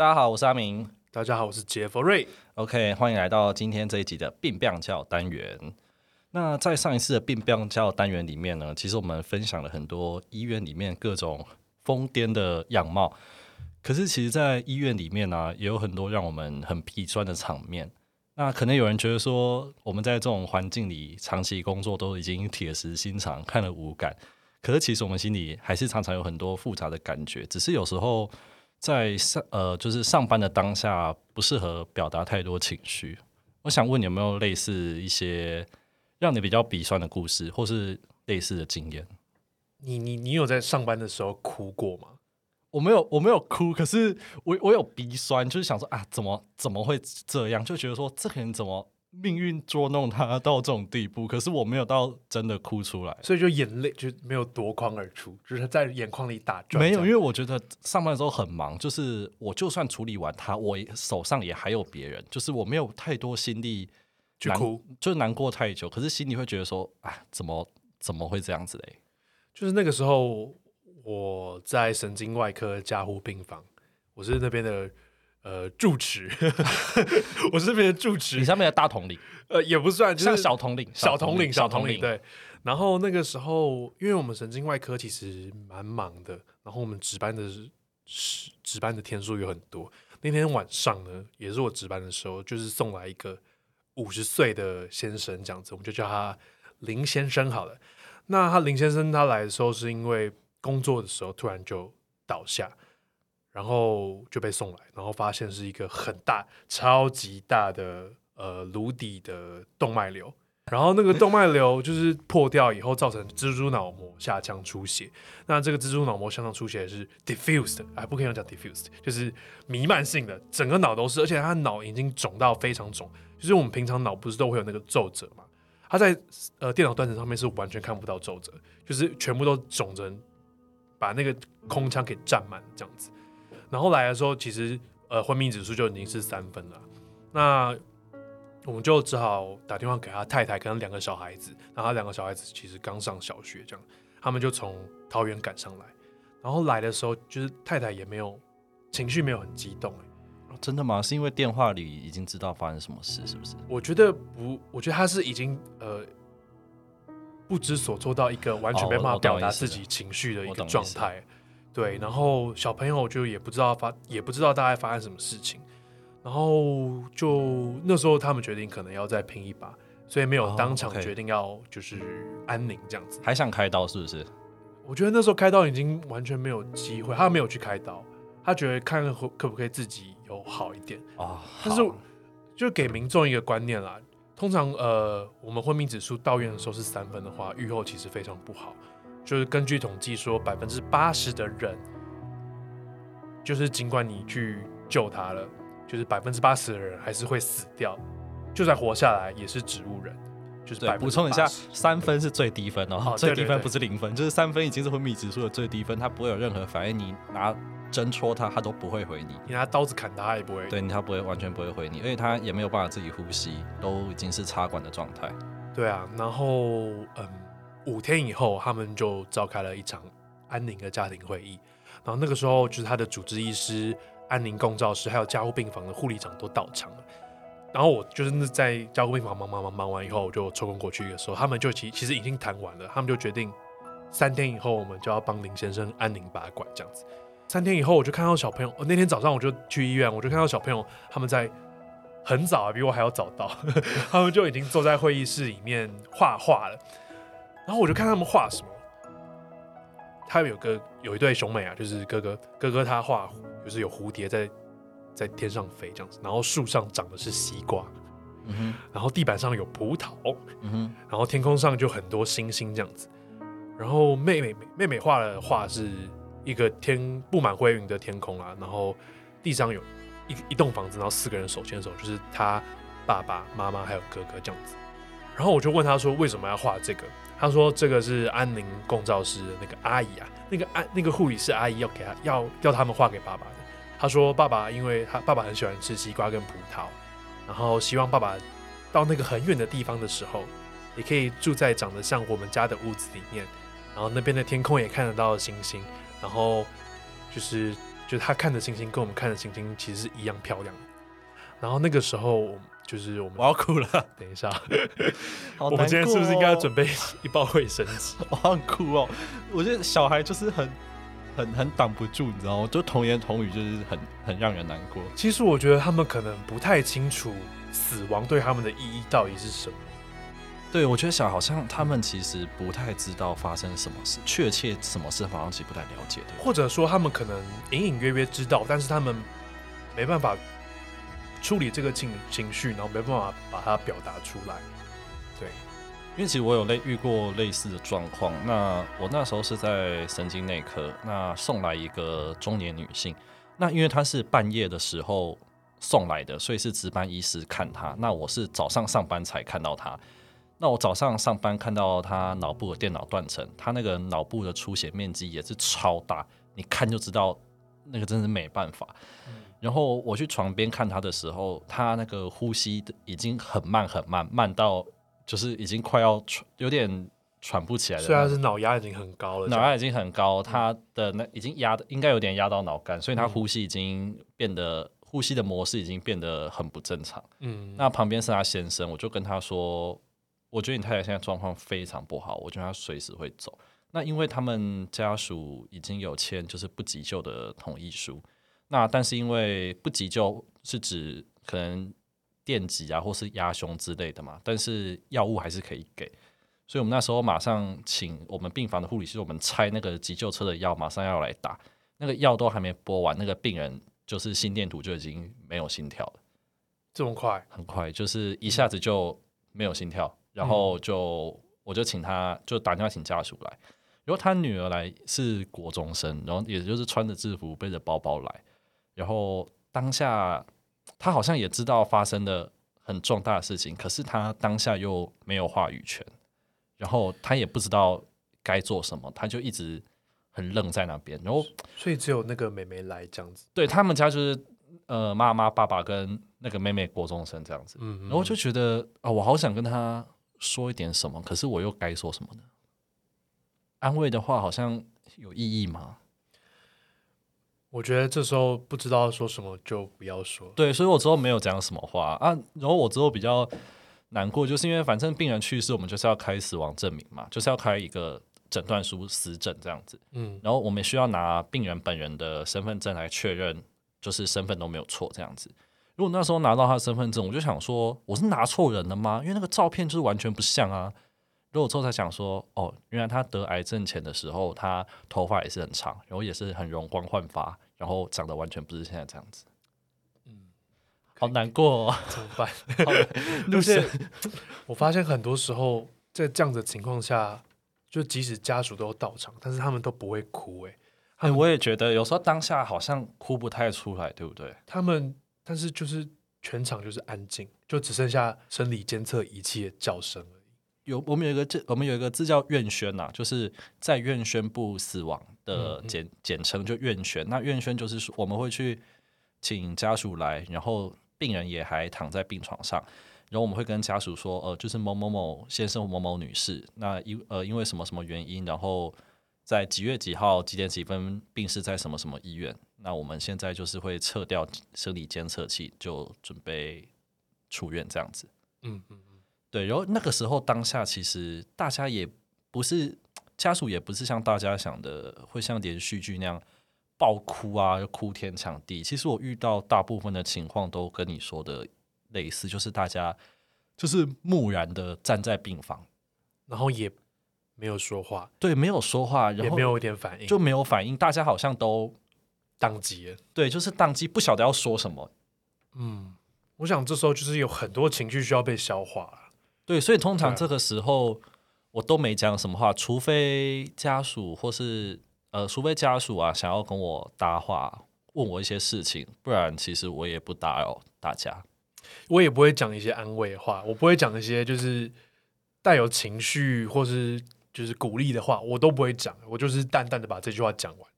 大家好，我是阿明。大家好，我是杰佛瑞。OK，歡迎來到今天這一集的“病 ㄅㄧㄤˋ 叫”單元。那在上一次的“病 ㄅㄧㄤˋ 叫”單元裡面呢，其實我們分享了很多醫院裡面各種瘋癲的樣貌。可是，其實，在醫院裡面呢、啊，也有很多讓我們很鼻酸的場面。那可能有人覺得說，我們在這種環境裡長期工作，都已經鐵石心腸，看了無感。可是，其實我們心裡還是常常有很多複雜的感覺，只是有時候。在上呃，就是上班的當下不適合表達太多情緒。我想問，你有沒有類似一些讓你比較鼻酸的故事，或是類似的經驗？你你你有在上班的時候哭過嗎？我沒有，我沒有哭，可是我我有鼻酸，就是想說啊，怎麼怎麼會這樣？就覺得說這個人怎麼。命運捉弄他到這種地步，可是我沒有到真的哭出來，所以就眼淚就沒有奪眶而出，就是在眼眶裡打轉。沒有，因為我覺得上班的時候很忙，就是我就算處理完他，我也手上也還有別人，就是我沒有太多心力去哭，就難過太久。可是心裡會覺得說，啊，怎麼怎麼會這樣子嘞？就是那個時候我在神經外科加護病房，我是那邊的。呃，住持， 我是這邊的住持，你上面的大統領，呃，也不算，就是小統領，小統領，小統領，對。然後那個時候，因為我們神經外科其實蠻忙的，然後我們值班的值班的天數有很多。那天晚上呢，也是我值班的時候，就是送來一個五十歲的先生，這樣子，我們就叫他林先生好了。那他林先生他來的時候，是因為工作的時候突然就倒下，然後就被送來，然後發現是一個很大、超級大的呃顱底的動脈瘤，然後那個動脈瘤就是破掉以後造成蜘蛛腦膜下腔出血。那這個蜘蛛腦膜下腔出血是 diffused，啊，不可以用講 diffused，就是瀰漫性的，整個腦都是，而且他腦已經腫到非常腫。就是我們平常腦不是都會有那個皺褶嘛？他在呃電腦斷層上面是完全看不到皺褶，就是全部都腫成把那個空腔給佔滿這樣子。然後來的時候，其實呃，昏迷指數就已經是三分了。那我們就只好打電話給他太太，跟他兩個小孩子，然後他兩個小孩子其實剛上小學，這樣，他們就從桃園趕上來。然後來的時候，就是太太也沒有情緒，沒有很激動欸。真的嗎？是因為電話裡已經知道發生什麼事，是不是？我覺得不，我覺得他是已經呃，不知所措到一個完全沒辦法表達自己情緒的一個狀態。對，然後小朋友就也不知道發，也不知道大概發生什麼事情，然後就那時候他們決定，可能要再拼一把，所以沒有當場決定要就是安寧這樣子，哦 okay，還想開刀是不是？我覺得那時候開刀已經完全沒有機會，他沒有去開刀，他覺得看可不可以自己有好一點啊。哦，但是就給民眾一個觀念啦，通常呃我們昏迷指數到院的時候是三分的話，預後其實非常不好。就是根據統計說，百分之八十的人，就是儘管你去救他了，就是百分之八十的人還是會死掉。就算活下來，也是植物人。就是補充一下，三分是最低分哦，哦最低分不是零分，對對對對，就是三分已經是昏迷指數的最低分，他不會有任何反應。你拿針戳他，他都不會回你。你拿刀子砍他，也不會回你。對你，他不會完全不會回你，因為他也沒有辦法自己呼吸，都已經是插管的狀態。對啊，然後嗯。五天以後，他們就召開了一場安寧的家庭會議。然後那個時候，就是他的主治醫師、安寧共照師，還有加護病房的護理長都到場了。然後我就是在加護病房忙忙忙忙完以後，我就抽空過去的時候，他們就其其實已經談完了。他們就決定三天以後，我們就要幫林先生安寧拔管這樣子。三天以後，我就看到小朋友。哦，那天早上，我就去醫院，我就看到小朋友他們在很早，啊，比我還要早到， 他們就已經坐在會議室裡面畫畫了。然後我就看他們畫什麼。他有個有一對兄妹啊,就是哥哥哥哥他畫就是有蝴蝶在在天上飛這樣子,然後樹上長的是西瓜,嗯,然後地板上有葡萄,嗯,然後天空上就很多星星這樣子。然後妹妹妹妹畫的畫是一個天佈滿灰雲的天空啦、啊,然後地上有一一棟房子,然後四個人手牽手,就是他爸爸媽媽還有哥哥這樣子。然後我就問他說：“為什麼要畫這個？”他說：“這個是安寧共照師的那個阿姨啊，那個安、啊、那個護理師阿姨要給他要要他們畫給爸爸的。”他說：“爸爸因為他爸爸很喜歡吃西瓜跟葡萄，然後希望爸爸到那個很遠的地方的時候，也可以住在長得像我們家的屋子裡面，然後那邊的天空也看得到星星，然後就是就是他看的星星跟我們看的星星其實是一樣漂亮的。”然後那個時候。就是我們，我要哭了。等一下， 好難過哦、我們今天是不是應該要準備一包衛生紙？我、 oh, 很哭哦，我覺得小孩就是很、很、很擋不住，你知道嗎？就童言童語就是很、很讓人難過。其實我覺得他們可能不太清楚死亡對他們的意義到底是什麼。對，我覺得小好像他們其實不太知道發生什麼事，確切什麼事好像其實不太了解的。對對，或者說他們可能隱隱約約知道，但是他們沒辦法。處理這個情情緒，然後沒辦法把它表達出來。對，因為其實我有類遇過類似的狀況。那我那時候是在神經內科，那送來一個中年女性。那因為她是半夜的時候送來的，所以是值班醫師看她。那我是早上上班才看到她。那我早上上班看到她腦部的電腦斷層，她那個腦部的出血面積也是超大，你看就知道，那個真是沒辦法。嗯然後我去床邊看他的時候，他那個呼吸已經很慢很慢，慢到就是已經快要喘，有點喘不起來了。雖然是腦壓已經很高了，腦壓已經很高，嗯、他的那已經壓的應該有點壓到腦幹，所以他呼吸已經變得、嗯、呼吸的模式已經變得很不正常。嗯，那旁邊是他先生，我就跟他說，我覺得你太太現在狀況非常不好，我覺得她隨時會走。那因為他們家屬已經有簽就是不急救的同意書。那但是因為不急救是指可能電擊啊或是壓胸之類的嘛，但是藥物還是可以給，所以我們那時候馬上請我們病房的護理師，我們拆那個急救車的藥，馬上要來打那個藥都還沒播完，那個病人就是心電圖就已經沒有心跳了。這麼快？很快，就是一下子就沒有心跳。嗯、然後就我就請他就打電話請家屬來，然後他女兒來是國中生，然後也就是穿着制服背着包包來。然後當下，他好像也知道發生了很重大的事情，可是他當下又沒有話語權，然後他也不知道該做什麼，他就一直很愣在那邊。然後，所以只有那個妹妹來這樣子。對，他們家就是呃媽媽、爸爸跟那個妹妹國中生這樣子。嗯，然後就覺得啊、哦，我好想跟他說一點什麼，可是我又該說什麼呢？安慰的話好像有意義嗎？我覺得這時候不知道說什麼就不要說。對，所以我之後沒有講什麼話啊。然後我之後比較難過，就是因為反正病人去世，我們就是要開死亡證明嘛，就是要開一個診斷書、死證這樣子。嗯，然後我們需要拿病人本人的身份證來確認，就是身份都沒有錯這樣子。如果那時候拿到他的身份證，我就想說，我是拿錯人了嗎？因為那個照片就是完全不像啊。如果之後才想說，哦，原來他得癌症前的時候，他頭髮也是很長，然後也是很容光煥發，然後長得完全不是現在這樣子。嗯，好以難過、哦，怎麼辦？好 就是， 我發現很多時候在這樣的情況下，就即使家屬都到場，但是他們都不會哭，欸。誒、哎，們我也覺得有時候當下好像哭不太出來，對不對？他們，但是就是全場就是安靜，就只剩下生理監測儀器的叫聲。有我們有一個這，我們有一個字叫“院宣”吶，就是在院宣布死亡的簡簡稱就“院宣”，嗯嗯。那“院宣”就是說我們會去請家屬來，然後病人也還躺在病床上，然後我們會跟家屬說，呃，就是某某某先生、某某女士，那因呃因為什麼什麼原因，然後在幾月幾號幾點幾分病逝在什麼什麼醫院。那我們現在就是會撤掉生理監測器，就準備出院這樣子。嗯嗯。對，然後那個時候當下，其實大家也不是家屬，也不是像大家想的會像連續劇那樣爆哭啊，哭天搶地。其實我遇到大部分的情況都跟你說的類似，就是大家就是木然的站在病房，然後也沒有說話，對，沒有說話，然後也沒有一點反應，就沒有反應。大家好像都當機了，對，就是當機，不曉得要說什麼。嗯，我想這時候就是有很多情緒需要被消化。對，所以通常這個時候我都沒講什麼話，啊、除非家屬或是呃，除非家屬啊想要跟我搭話，問我一些事情，不然其實我也不打擾大家，我也不會講一些安慰的話，我不會講一些就是帶有情緒或是就是鼓勵的話，我都不會講。我就是淡淡的把這句話講完。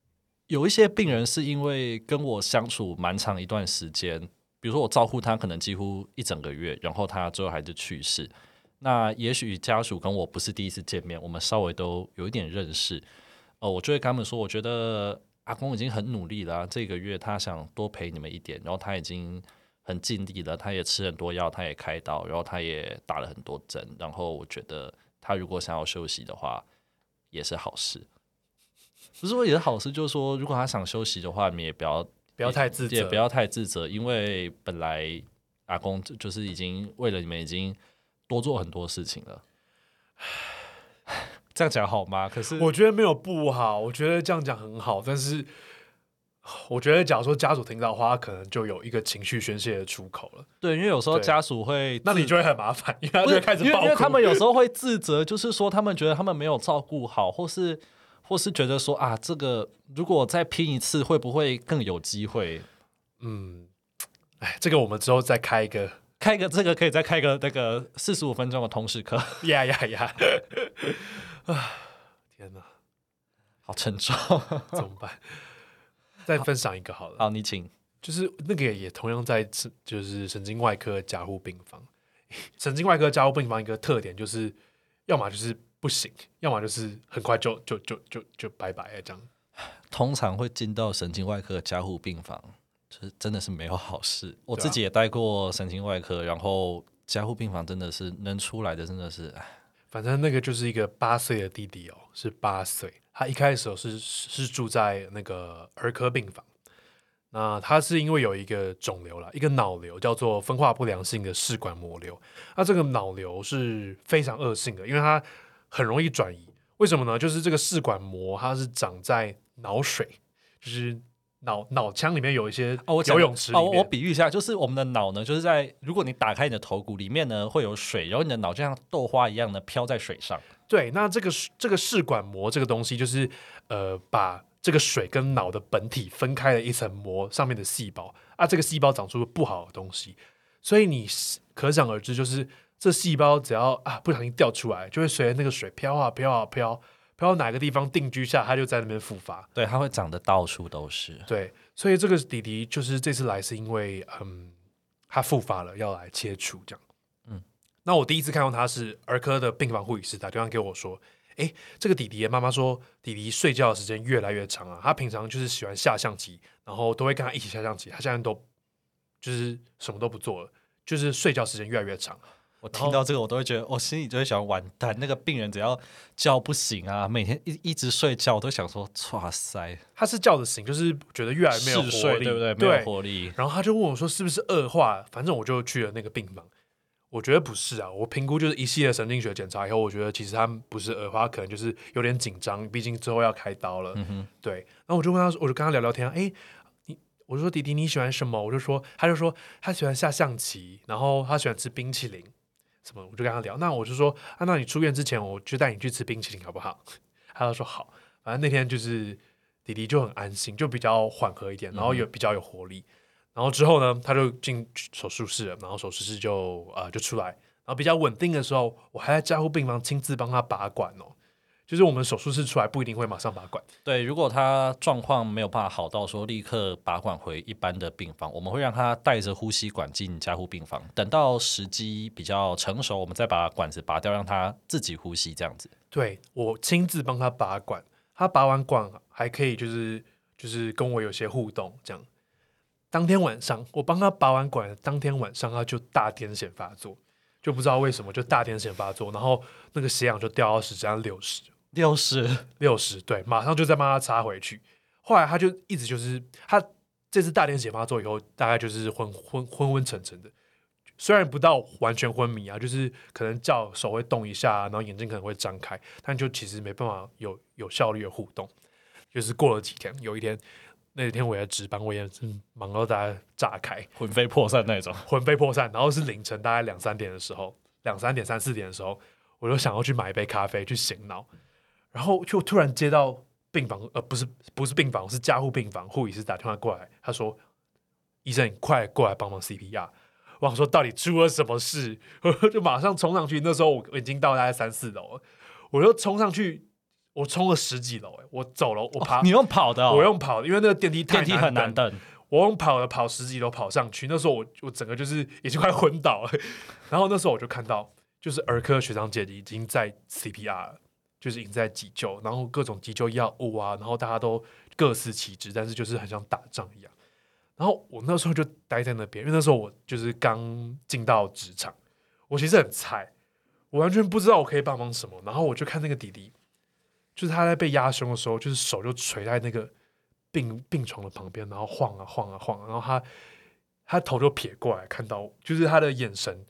有一些病人是因為跟我相處蠻長一段時間，比如說我照顧他可能幾乎一整個月，然後他最後還是去世，那也許家屬跟我不是第一次見面，我們稍微都有一點認識。呃，我就會跟他們說，我覺得阿公已經很努力了啊，這個月他想多陪你們一點，然後他已經很盡力了，他也吃很多藥，他也開刀，然後他也打了很多針，然後我覺得他如果想要休息的話，也是好事。不是說也是好事，就是說，如果他想休息的話，你們也不要不要太自責。也，也不要太自責，因為本來阿公就是已經為了你們已經。多做很多事情了，這樣講好嗎？可是我覺得沒有不好，我覺得這樣講很好。但是我覺得，假如說家屬聽到的話，他可能就有一個情緒宣泄的出口了。對，因為有時候家屬會，那你就會很麻煩，因為他就會開始抱怨，因為他們有時候會自責，就是說他們覺得他們沒有照顧好，或是或是覺得說啊，這個如果我再拼一次，會不會更有機會？嗯，哎，這個我們之後再開一個。開一個，這個可以再開一個那個四十五分鐘的通識課。呀呀呀！啊，天哪，好沉重， 怎麼辦？再分享一個好了。好，你請。就是那個也，也同樣在，就是神經外科加護病房。 神經外科加護病房一個特點就是，要麼就是不行，要麼就是很快就就就就就拜拜這樣。通常會進到神經外科加護病房。是，真的是沒有好事。啊、我自己也待過神經外科，然後加護病房，真的是能出來的，真的是。反正那個就是一個八歲的弟弟哦、喔，是八歲。他一開始是是住在那個兒科病房。那他是因為有一個腫瘤啦，一個腦瘤叫做分化不良性的室管膜瘤。那這個腦瘤是非常惡性的，因為它很容易轉移。為什麼呢？就是這個室管膜，它是長在腦水，就是。腦腦腔裡面有一些哦，游泳池哦、啊啊，我比喻一下，就是我們的腦呢，就是在如果你打開你的頭骨，裡面呢會有水，然後你的腦就像豆花一樣的漂在水上。對，那這個這個室管膜這個東西，就是呃，把這個水跟腦的本體分開了一層膜，上面的細胞啊，這個細胞長出了不好的東西，所以你可想而知，就是這細胞只要啊不小心掉出來，就會隨着那個水飄啊飄啊飄、啊。到哪個地方定居下，他就在那邊復發。對，它會長得到處都是。對，所以這個弟弟就是這次來是因為，嗯，他復發了，要來切除這樣。嗯，那我第一次看到他是兒科的病房護理師打電話給我說：“誒、欸，這個弟弟的媽媽說，弟弟睡覺的時間越來越長了、啊。’他平常就是喜歡下象棋，然後都會跟他一起下象棋，他現在都就是什麼都不做了，就是睡覺時間越來越長。”我聽到這個，我都會覺得，我後、哦、心裡就會想，完蛋，那個病人只要叫不醒啊，每天一一直睡覺，我都想說，哇塞，他是叫著醒，就是覺得越來越沒有活力，對不對，對？然後他就問我說，是不是惡化？反正我就去了那個病房，我覺得不是啊，我評估就是一系列神經學檢查以後，我覺得其實他不是惡化，可能就是有點緊張，畢竟之後要開刀了。嗯、哼對。然後我就問他，我就跟他聊聊天、啊，哎、欸，你，我就說弟弟你喜歡什麼？我就說，他就說他喜歡下象棋，然後他喜歡吃冰淇淋。什麼？我就跟他聊，那我就說，啊，那你出院之前，我就帶你去吃冰淇淋好不好？ 他就說好。反正那天就是弟弟就很安心，就比較緩和一點，然後有比較有活力。嗯、哼然後之後呢，他就進手術室了，然後手術室就啊、呃、就出來，然後比較穩定的時候，我還在加護病房親自幫他拔管哦。就是我們手術室出來不一定會馬上拔管，對，如果他狀況沒有辦法好到說立刻拔管回一般的病房，我們會讓他帶着呼吸管進加護病房，等到時機比較成熟，我們再把管子拔掉，讓他自己呼吸這樣子。對，我親自幫他拔管，他拔完管還可以就是就是跟我有些互動這樣。當天晚上我幫他拔完管，當天晚上他就大癲癇發作，就不知道為什麼就大癲癇發作，我然後那個血氧就掉二十加六十。六十，六十，60, 對，馬上就再幫他插回去。後來他就一直就是他這次大癲癇發作以後，大概就是昏昏昏昏沉沉的，雖然不到完全昏迷啊，就是可能叫手會動一下，然後眼睛可能會張開，但就其實沒辦法有有效率的互動。就是過了幾天，有一天，那個、天我在值班，我也忙到大家炸開、嗯，魂飛魄散那種，魂飛魄散。然後是凌晨大概兩三點的時候，兩三點、三四點的時候，我就想要去買一杯咖啡去醒腦。然後就突然接到病房，呃，不是不是病房，是加護病房，護理師打電話過來，他說：“醫生，你快過來幫忙 CPR。”我想說：“到底出了什麼事？”就馬上衝上去。那時候我已經到大概三四樓了，我就衝上去，我衝了十幾樓，我走了，我爬，哦、你用跑的、哦，我用跑的，因為那個電梯太電梯很難等，我用跑的跑十幾樓跑上去。那時候我我整個就是已經快昏倒了。然後那時候我就看到，就是兒科學長姐姐已經在 CPR 了。就是一直在急救，然後各種急救藥物啊，然後大家都各司其職，但是就是很像打仗一樣。然後我那時候就待在那邊，因為那時候我就是剛進到職場，我其實很菜，我完全不知道我可以幫忙什麼。然後我就看那個弟弟，就是他在被壓胸的時候，就是手就垂在那個病病床的旁邊，然後晃啊晃啊晃啊，然後他他頭就撇過來，看到就是他的眼神，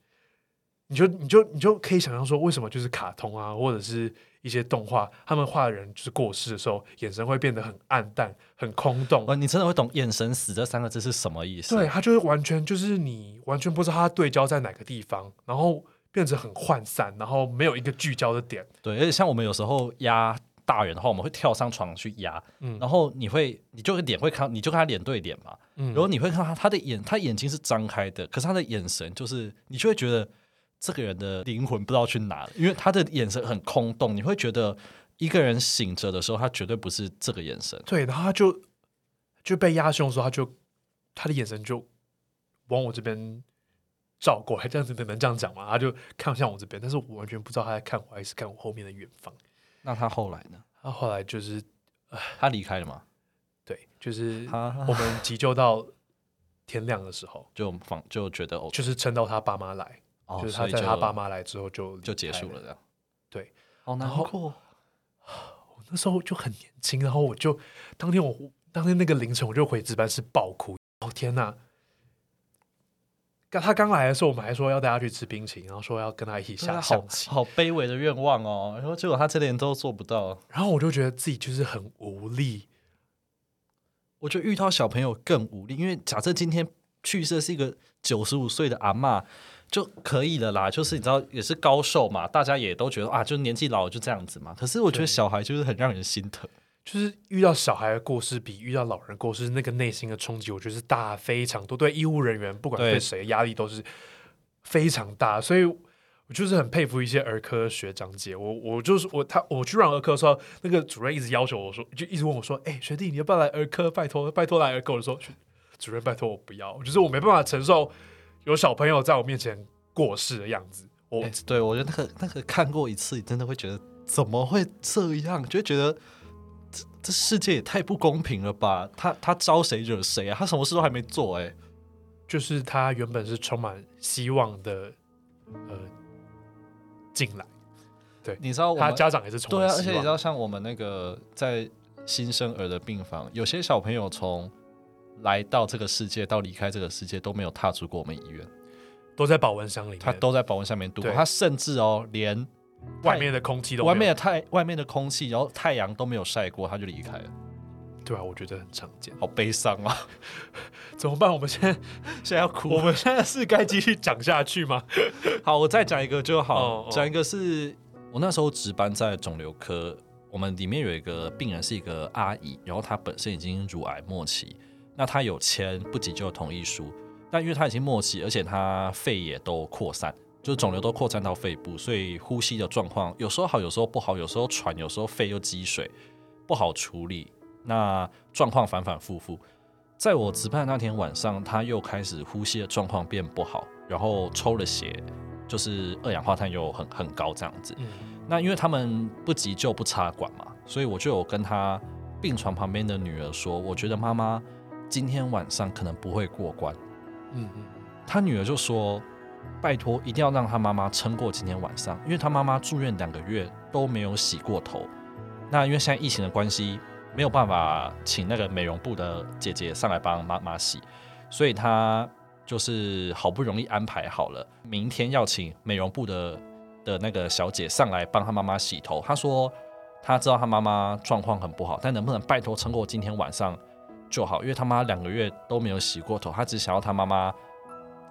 你就你就你就可以想象說，為什麼就是卡通啊，或者是。一些動畫，他們畫的人就是過世的時候，眼神會變得很暗淡、很空洞。你真的會懂“眼神死”這三個字是什麼意思？對，他就是完全就是你完全不知道他對焦在哪個地方，然後變得很渙散，然後沒有一個聚焦的點。對，而且像我們有時候壓大人的話，我們會跳上床去壓，嗯、然後你會你就臉會看，你就跟他臉對臉嘛，嗯、然後你會看他他的眼，他眼睛是張開的，可是他的眼神就是你就會覺得。這個人的靈魂不知道去哪了，因為他的眼神很空洞，你會覺得一個人醒着的時候，他絕對不是這個眼神。對，然後他就就被壓胸的時候，他就他的眼神就往我這邊照過來，這樣子能能這樣講嗎？他就看向我這邊，但是我完全不知道他在看我，還是看我後面的遠方。那他後來呢？他後來就是，他離開了嗎？對，就是我們急救到天亮的時候， 就就覺得哦、OK，就是撐到他爸媽來。Oh, 就是他在他爸媽來之後就就結束了這樣，對。Oh, 然後我那時候就很年輕，然後我就當天我，我當天那個凌晨我就回值班室爆哭。哦天哪！剛他剛來的時候，我們還說要帶他去吃冰淇淋，然後說要跟他一起下象棋。好，起好卑微的願望哦。然後結果他這點都做不到，然後我就覺得自己就是很無力。我就遇到小朋友更無力，因為假設今天去世是一個九十五歲的阿嬤，就可以了啦，就是你知道也是高壽嘛，嗯、大家也都覺得啊，就是年紀老了就這樣子嘛。可是我覺得小孩就是很讓人心疼，就是遇到小孩的過世比遇到老人過世，那個內心的衝擊，我覺得是大非常多。對，醫務人員不管對誰對壓力都是非常大，所以我就是很佩服一些兒科學長姐。我我就是我，他我去讓兒科說，那個主任一直要求我說，就一直問我說，哎、欸，學弟你要不要來兒科？拜託拜託來兒科。我說主任拜託我不要，就是我沒辦法承受，有小朋友在我面前過世的樣子，我、欸、對我覺得那個那個看過一次，你真的會覺得怎麼會這樣？就覺得這這世界也太不公平了吧？他他招誰惹誰啊？他什麼事都還沒做哎、欸，就是他原本是充滿希望的，呃，進來，對，你知道我他家長也是充滿希望的，對啊，而且你知道像我們那個在新生兒的病房，有些小朋友從。來到這個世界到離開這個世界都沒有踏出過我們醫院，都在保溫箱裡面，他都在保溫箱裡面度過，對他甚至哦、喔、連外，外面的空氣都沒有外面的太外面的空氣，然後太陽都沒有曬過，他就離開了。對啊，我覺得很常見，好悲傷啊！ 怎麼辦？我們現在現在要哭？我們現在是該繼續講下去嗎？ 好，我再講一個就好，講、嗯、一個是、嗯嗯、我那時候值班在腫瘤科，我們裡面有一個病人是一個阿姨，然後她本身已經乳癌末期。那他有簽不急救同意書，但因為他已經末期，而且他肺也都擴散，就腫瘤都擴散到肺部，所以呼吸的狀況有時候好，有時候不好，有時候喘，有時候肺又積水，不好處理。那狀況反反复复。在我值班那天晚上，他又開始呼吸的狀況變不好，然後抽了血，就是二氧化碳又很很高這樣子。嗯。那因為他們不急救、不插管嘛，所以我就有跟他病床旁邊的女兒說，我覺得媽媽。今天晚上可能不會過關。嗯嗯，他女兒就說：“拜托，一定要讓他媽媽撐過今天晚上，因為他媽媽住院兩個月都沒有洗過頭。那因為現在疫情的關係，沒有辦法請那個美容部的姐姐上來幫媽媽洗，所以她就是好不容易安排好了，明天要請美容部的的那個小姐上來幫他媽媽洗頭。她說，她知道他媽媽狀況很不好，但能不能拜托撐過今天晚上？”就好，因為他媽兩個月都沒有洗過頭，他只想要他媽媽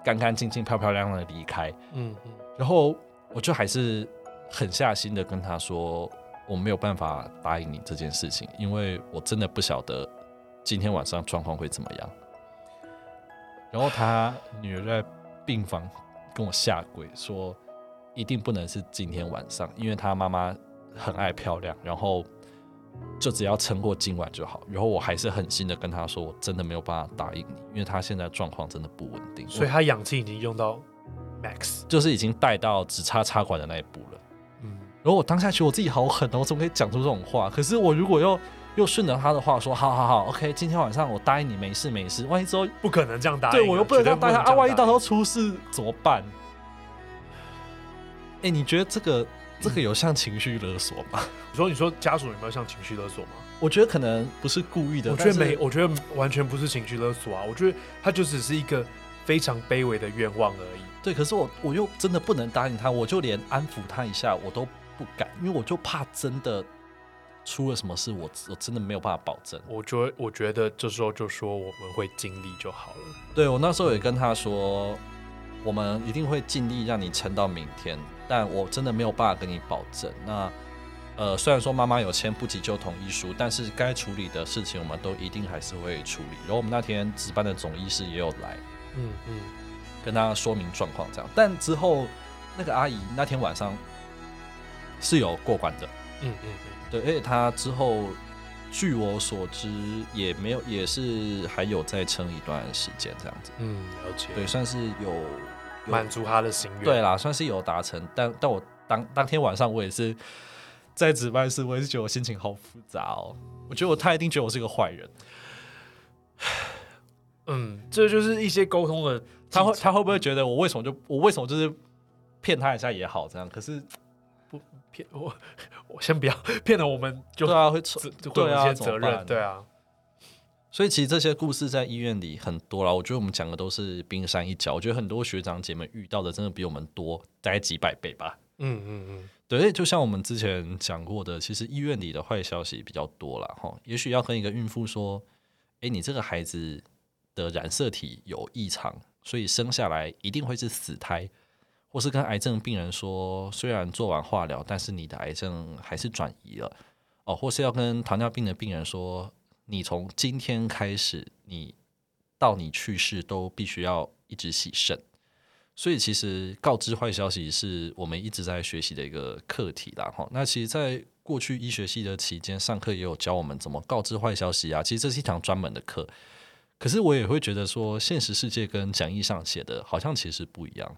乾干淨淨、漂漂亮亮的離開。嗯哼，然後我就還是狠下心的跟他說，我沒有辦法答應你這件事情，因為我真的不曉得今天晚上狀況會怎麼樣。然後他女兒在病房跟我下跪說，一定不能是今天晚上，因為他媽媽很愛漂亮。然後。就只要撐過今晚就好。然後我還是狠心的跟他說，我真的沒有辦法答應你，因為他現在狀況真的不穩定，所以他氧氣已經用到 max，就是已經帶到只差插、插管的那一步了。嗯。然後我當下覺得我自己好狠哦，我怎麼可以講出這種話？可是我如果要又、又順着他的話說，好好好，OK，今天晚上我答應你沒事沒事。萬一之後不可能這樣答應，對我又不能、對不能這樣答應他啊！萬一到時候出事怎麼辦？哎，你覺得這個？這個有像情緒勒索嗎、嗯？你說，你說家屬有沒有像情緒勒索嗎？我覺得可能不是故意的。哦、我覺得沒，我覺得完全不是情緒勒索啊！我覺得他就只是一個非常卑微的願望而已。對，可是我我又真的不能答應他，我就連安撫他一下我都不敢，因為我就怕真的出了什麼事我，我我真的沒有辦法保證。我覺得我覺得這時候就說我們會盡力就好了。對我那時候也跟他說，嗯、我們一定會盡力讓你撐到明天。但我真的沒有辦法跟你保證。那，呃，雖然說媽媽有簽不急救同意書，但是該處理的事情，我們都一定還是會處理。然後我們那天值班的總醫師也有來，嗯嗯，跟他說明狀況這樣。但之後那個阿姨那天晚上是有過關的，嗯嗯，嗯嗯對，而且她之後據我所知也沒有，也是還有再撐一段時間這樣子，嗯，了解，對，算是有，滿足他的心願，對啦，算是有達成，但但我當當天晚上我也是在值班室，我也是覺得我心情好複雜哦、喔。我覺得我，他一定覺得我是個壞人。嗯，唉這就是一些溝通的，他會他會不會覺得我為什麼就我為什麼就是騙他一下也好這樣？可是不騙我，我先不要騙了，我們就，啊會，會有一些責任，對啊。所以其實這些故事在醫院裡很多了，我覺得我們講的都是冰山一角。我覺得很多學長姐們遇到的真的比我們多，大概幾百倍吧。嗯嗯嗯，對，就像我們之前講過的，其實醫院裡的壞消息比較多了哈。也許要跟一個孕婦說：“誒，你這個孩子的染色體有異常，所以生下來一定會是死胎。”或是跟癌症病人說：“雖然做完化療，但是你的癌症還是轉移了。”哦，或是要跟糖尿病的病人說。你從今天開始，你到你去世都必須要一直洗腎，所以其實告知壞消息是我們一直在學習的一個課題啦。哈。那其實，在過去醫學系的期間上課也有教我們怎麼告知壞消息啊。其實這是一堂專門的課，可是我也會覺得說，現實世界跟講義上寫的好像其實不一樣。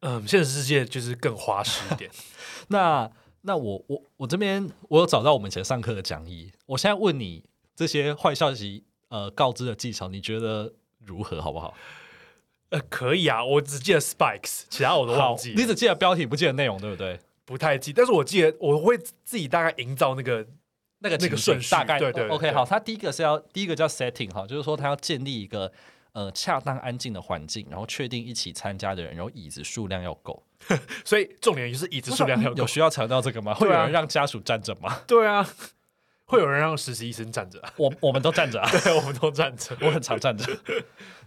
嗯、呃，現實世界就是更花式一點。 那那我我我這邊我有找到我們以前上課的講義，我現在問你。這些壞消息呃告知的技巧，你覺得如何好不好？呃，可以啊，我只記得 spikes，其他我都忘記。好，你只記得標題，不記得內容，對不對？不太記，但是我記得我會自己大概營造那個那個那個順序，大概對對,對,對對。OK，好，他第一個是要第一個叫 setting 哈、哦，就是說他要建立一個呃恰當安靜的環境，然後確定一起參加的人，然後椅子數量要夠。 所以重點就是椅子數量要、嗯、有需要強調這個嗎？啊、會有人讓家屬站着嗎？對啊。會有人讓實習醫生站着？啊我？我我們都站着啊。 對，我們都站着。 我很常站着。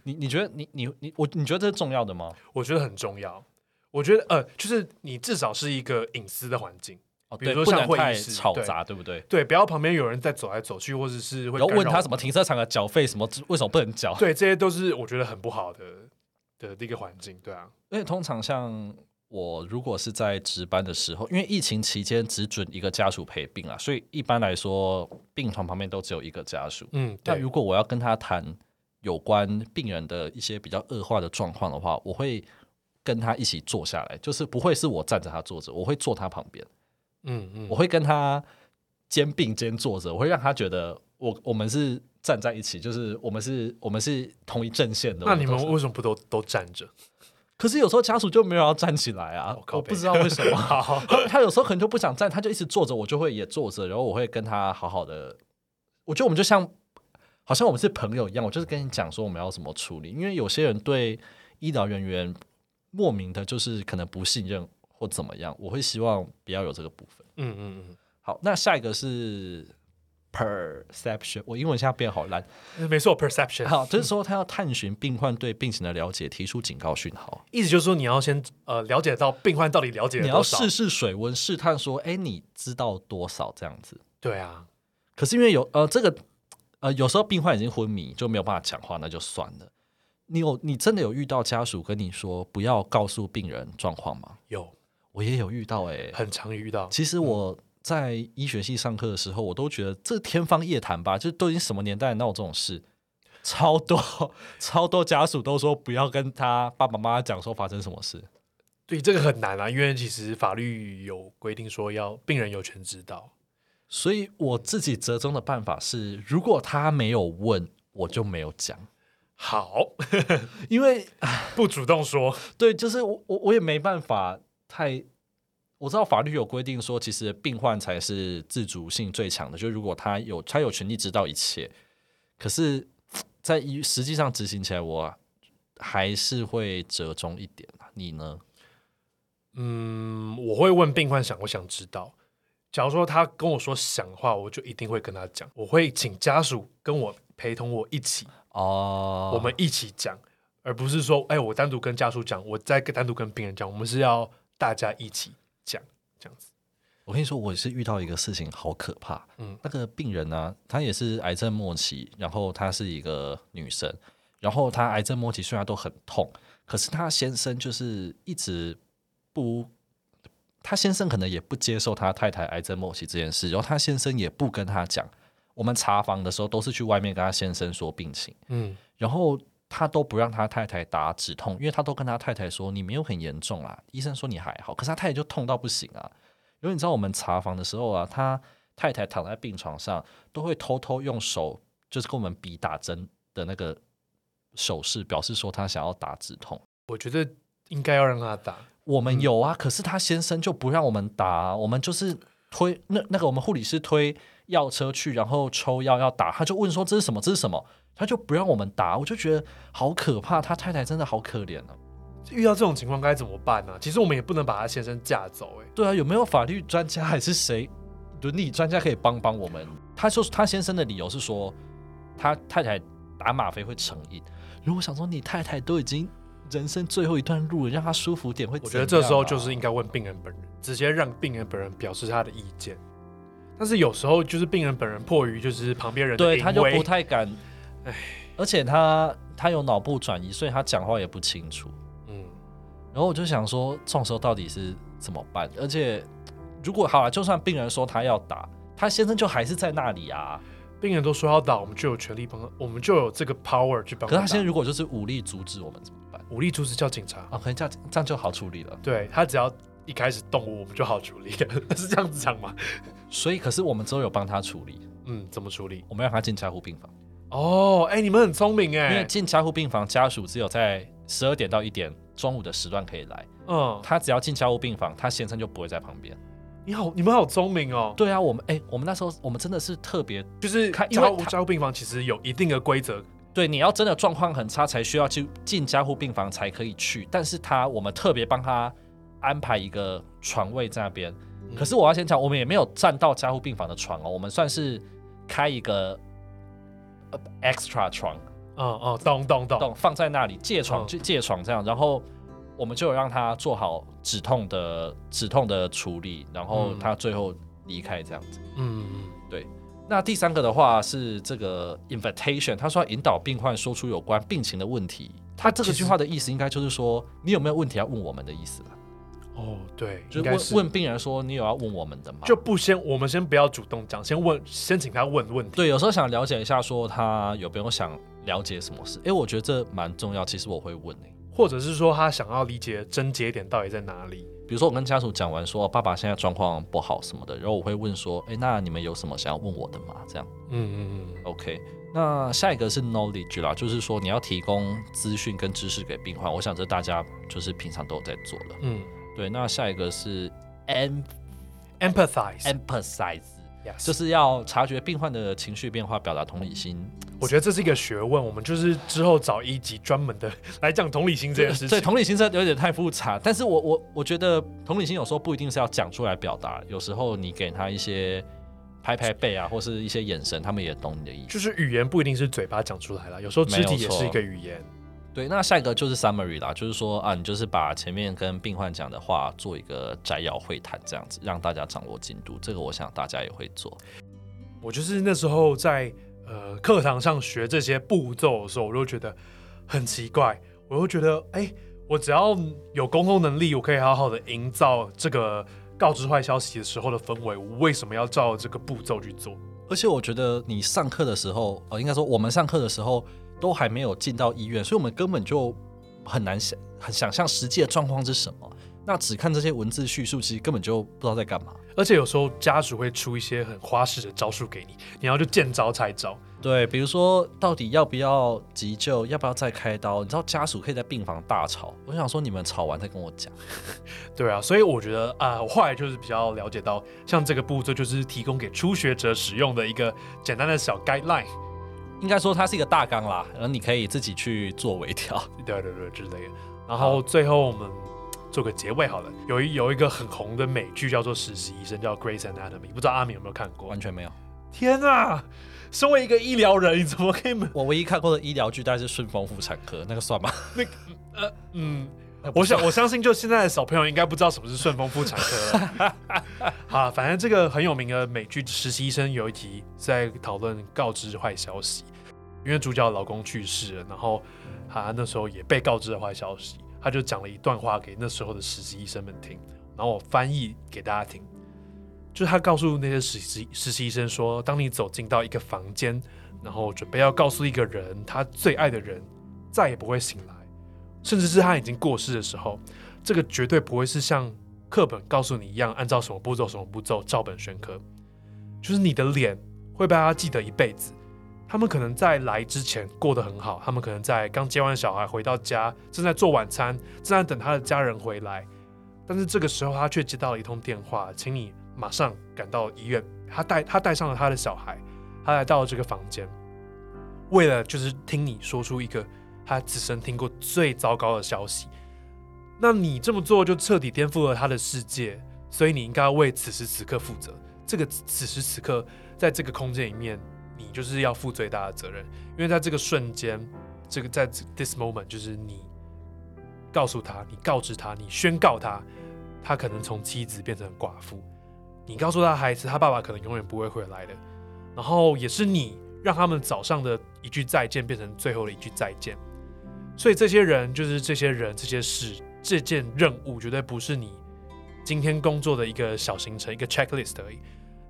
你你覺得你你你我你覺得這是重要的嗎？我覺得很重要。我覺得呃，就是你至少是一個隱私的環境，哦、對比如說像會議室，不能太吵雜，對，對不對，對？對，不要旁邊有人在走來走去，或者是要問他什麼停車場的繳費什麼為什麼不能繳？對，這些都是我覺得很不好的的一個環境，對啊。因為通常像。我如果是在值班的時候，因為疫情期間只准一個家屬陪病啊，所以一般來說病床旁邊都只有一個家屬。嗯，但如果我要跟他談有關病人的一些比較惡化的狀況的話，我會跟他一起坐下來，就是不會是我站着他坐着，我會坐他旁邊。嗯。嗯嗯，我會跟他肩並肩坐着，我會讓他覺得我我們是站在一起，就是我們是我們是同一陣線的。那你們為什麼不都都站着？可是有時候家屬就沒有要站起來啊，oh, 我不知道為什麼。 好他有時候可能就不想站，他就一直坐着，我就會也坐着，然後我會跟他好好的。我覺得我們就像好像我們是朋友一樣，我就是跟你講說我們要怎麼處理，因為有些人對醫療人員莫名的就是可能不信任或怎麼樣，我會希望不要有這個部分。嗯嗯嗯，好，那下一個是。Perception，我英文現在變好爛。沒錯，Perception。Per 好，就是說他要探尋病患對病情的了解，嗯、提出警告訊號。意思就是說，你要先呃了解到病患到底了解了，你要試試水溫，試少探說，哎、欸，你知道多少這樣子？對啊。可是因為有呃，這個呃，有時候病患已經昏迷，就沒有辦法講話，那就算了。你有，你真的有遇到家屬跟你說不要告訴病人狀況嗎？有，我也有遇到、欸，哎，很常遇到。其實我。嗯在醫學系上課的時候，我都覺得這天方夜譚吧，就都已經什麼年代，鬧這種事，超多超多家屬都說不要跟他爸爸媽媽講，說發生什麼事。對，這個很難啊，因為其實法律有規定說要病人有權知道，所以我自己折中的辦法是，如果他沒有問，我就沒有講。好， 因為不主動說，對，就是我我也沒辦法太。我知道法律有規定說，其實病患才是自主性最強的。就是如果他有他有權利知道一切，可是，在於實際上執行起來，我還是會折中一點。啊、你呢？嗯，我會問病患想不想知道。假如說他跟我說想的話，我就一定會跟他講。我會請家屬跟我陪同我一起哦，我們一起講，而不是說，哎、欸，我單獨跟家屬講，我再跟單獨跟病人講。我們是要大家一起。講這，這樣子，我跟你說，我是遇到一個事情，好可怕。嗯，那個病人呢、啊，她也是癌症末期，然後她是一個女生，然後她癌症末期雖然都很痛，可是她先生就是一直不，他先生可能也不接受她太太癌症末期這件事，然後他先生也不跟她講。我們查房的時候都是去外面跟她先生說病情，嗯，然後。他都不讓他太太打止痛，因為他都跟他太太說：“你沒有很嚴重啦，啊，醫生說你還好。”可是他太太就痛到不行啊！因為你知道我們查房的時候啊，他太太躺在病床上，都會偷偷用手，就是跟我們比打針的那個手勢，表示說他想要打止痛。我覺得應該要讓他打，我們有啊，嗯，可是他先生就不讓我們打，我們就是推那那個我們護理師推藥車去，然後抽藥要打，他就問說：“這是什麼？這是什麼？”他就不讓我們打，我就覺得好可怕。他太太真的好可憐啊、喔！遇到這種情況該怎麼辦呢、啊？其實我們也不能把他先生架走、欸。哎，對啊，有沒有法律專家還是誰倫理專家可以幫幫我們？他說他先生的理由是說，他太太打嗎啡會成癮。如果想說你太太都已經人生最後一段路了，讓他舒服點會。我覺得這時候就是應該問病人本人，直接讓病人本人表示他的意見。但是有時候就是病人本人迫於就是旁邊人對他就不太敢。哎，而且他他有腦部轉移，所以他講話也不清楚。嗯，然後我就想說，這種時候到底是怎麼辦？而且如果好啊，就算病人說他要打，他先生就還是在那裡啊。病人都說要打，我們就有權利幫，我們就有這個 power 去幫他打。可是他先生如果就是武力阻止我們怎麼辦？武力阻止叫警察啊，可能、okay, 這樣這樣就好處理了。對，他只要一開始動武，我們就好處理了， 是這樣子講嗎？所以可是我們之後有幫他處理，嗯，怎麼處理？我們要讓他進加護病房。哦，哎、oh, 欸，你們很聰明哎、欸，因為進加護病房家屬只有在十二點到一點中午的時段可以來。嗯，uh, 他只要進加護病房，他先生就不會在旁邊。你好，你們好聰明哦。對啊，我們哎、欸，我們那時候我們真的是特別，就是加護因為加護病房其實有一定的規則，對，你要真的狀況很差才需要去進加護病房才可以去，但是他，我們特別幫他安排一個床位在那邊。嗯、可是我要先講，我們也沒有占到加護病房的床哦，我們算是開一個。extra 床，嗯嗯，懂懂懂，放在那裡，借床借床這樣，oh. 然後我們就有讓他做好止痛的止痛的處理，然後他最後離開這樣子。嗯嗯，對。那第三個的話是這個 invitation，他說要引導病患說出有關病情的問題。啊，他這個句話的意思應該就是說，你有沒有問題要問我們的意思啊？哦，oh, 對，就問是問病人說你有要問我們的嗎？就不先，我們先不要主動講，先問，先請他問問題。對，有時候想了解一下，說他有沒有想了解什麼事？哎，我覺得這蠻重要。其實我會問你，或者是說他想要理解症結點到底在哪裡？比如說我跟家屬講完說爸爸現在狀況不好什麼的，然後我會問說，哎，那你們有什麼想要問我的嗎？這樣，嗯嗯嗯，OK。那下一個是 knowledge 啦，就是說你要提供資訊跟知識給病患，我想這大家就是平常都有在做的。嗯。對，那下一個是 em empathize empathize，Yes. 就是要察覺病患的情緒變化，表達同理心。我覺得這是一個學問，我們就是之後找一集專門的來講同理心這件事情。對，對，同理心是有點太複雜，但是我我我覺得同理心有時候不一定是要講出來表達，有時候你給他一些拍拍背啊，或是一些眼神，他們也懂你的意思。就是語言不一定是嘴巴講出來了，有時候肢體也是一個語言。對，那下一個就是 summary 啦，就是說啊，你就是把前面跟病患講的話做一個摘要會談，這樣子讓大家掌握進度。這個我想大家也會做。我就是那時候在呃課堂上學這些步驟的時候，我就覺得很奇怪，我就覺得哎，我只要有溝通能力，我可以好好的營造這個告知壞消息的時候的氛圍，我為什麼要照這個步驟去做？而且我覺得你上課的時候，呃，應該說我們上課的時候。都還沒有進到醫院，所以我們根本就很難想、很想象實際的狀況是什麼？那只看這些文字敘述，其實根本就不知道在幹嘛。而且有時候家屬會出一些很花式的招數給你，你然後就見招拆招。對，比如說到底要不要急救，要不要再開刀？你知道家屬可以在病房大吵。我想說，你們吵完再跟我講。對啊，所以我覺得啊、呃，我後來就是比較了解到，像這個步驟就是提供給初學者使用的一個簡單的小 guideline。應該說它是一個大綱啦，然後你可以自己去做微調，對對對之類的。然後最後我們做個結尾好了。有一有一個很紅的美劇叫做《實習醫生》，叫《Grey's Anatomy》，不知道阿明有沒有看過？完全沒有。天哪、啊！身為一個醫療人，你怎麼可以？我唯一看過的醫療劇，大概是《順風婦產科》，那個算嗎？那個 呃嗯。我想，我相信，就現在的小朋友應該不知道什麼是順風婦產科。 啊，反正這個很有名的美劇《實習醫生》有一集在討論告知壞消息，因為主角的老公去世了，然後他那時候也被告知了壞消息，他就講了一段話給那時候的實習醫生們聽，然後我翻譯給大家聽，就是他告訴那些實習實習醫生說，當你走進到一個房間，然後準備要告訴一個人他最愛的人再也不會醒來。甚至是他已經過世的時候，這個絕對不會是像課本告訴你一樣，按照什麼步驟、什麼步驟照本宣科。就是你的臉會被他記得一輩子。他們可能在來之前過得很好，他們可能在剛接完小孩回到家，正在做晚餐，正在等他的家人回來。但是這個時候，他卻接到了一通電話，請你馬上趕到醫院。他帶他帶上了他的小孩，他來到了這個房間，為了就是聽你說出一個。他此生聽過最糟糕的消息，那你這麼做就徹底顛覆了他的世界，所以你應該要為此時此刻負責。這個此時此刻，在這個空間裡面，你就是要負最大的責任，因為在這個瞬間，這個在 this moment，就是你告訴他，你告知他，你宣告他，他可能從妻子變成寡婦。你告訴他，孩子，他爸爸可能永遠不會回來的。然後也是你，讓他們早上的一句再見變成最後的一句再見。所以，這些人就是這些人，這些事，這件任務絕對不是你今天工作的一個小行程、一個 checklist 而已。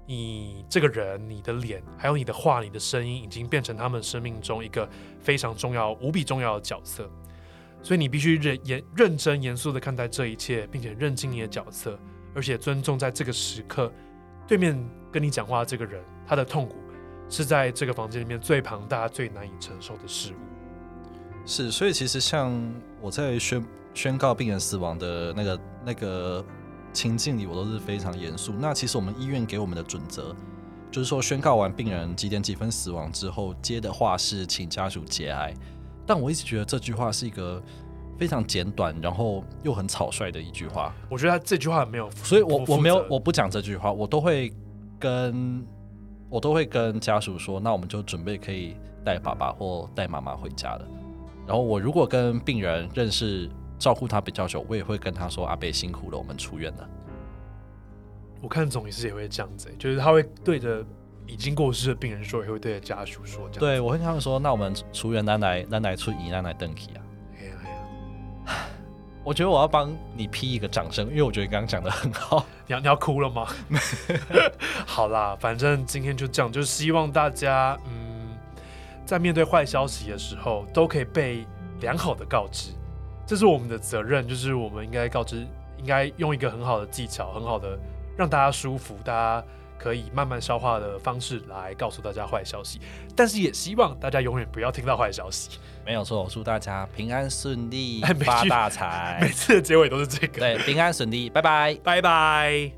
你這個人、你的臉、還有你的話、你的聲音，已經變成他們生命中一個非常重要、無比重要的角色。所以，你必須認嚴認真、嚴肅的看待這一切，並且認清你的角色，而且尊重在這個時刻對面跟你講話的這個人，他的痛苦是在這個房間裡面最龐大、最難以承受的事物。是，所以其實像我在宣宣告病人死亡的那個那個情境裡，我都是非常嚴肅。那其實我們醫院給我們的準則，就是說宣告完病人幾點幾分死亡之後，接的話是請家屬節哀。但我一直覺得這句話是一個非常簡短，然後又很草率的一句話。我覺得這句話沒有，所以我我沒有我不講這句話，我都會跟我都會跟家屬說，那我們就準備可以帶爸爸或帶媽媽回家了。然後我如果跟病人認識、照顧他比較久，我也會跟他說：“阿伯辛苦了，我們出院了。”我看總醫師也會這樣子、欸，就是他會對着已經過世的病人說，也會對着家屬說。對，我跟他們說：“那我們出院，那來來來出院，那來登記啊！”哎呀哎呀， 我覺得我要幫你批一個掌聲，因為我覺得你剛剛講得很好。你要你要哭了嗎？ 好啦，反正今天就這樣，就希望大家嗯。在面對壞消息的時候，都可以被良好的告知，這是我們的責任，就是我們應該告知，應該用一個很好的技巧，很好的讓大家舒服，大家可以慢慢消化的方式來告訴大家壞消息。但是也希望大家永遠不要聽到壞消息，沒有錯。我祝大家平安順利，發、哎、大財。每次的結尾都是這個，對，平安順利，拜拜，拜拜。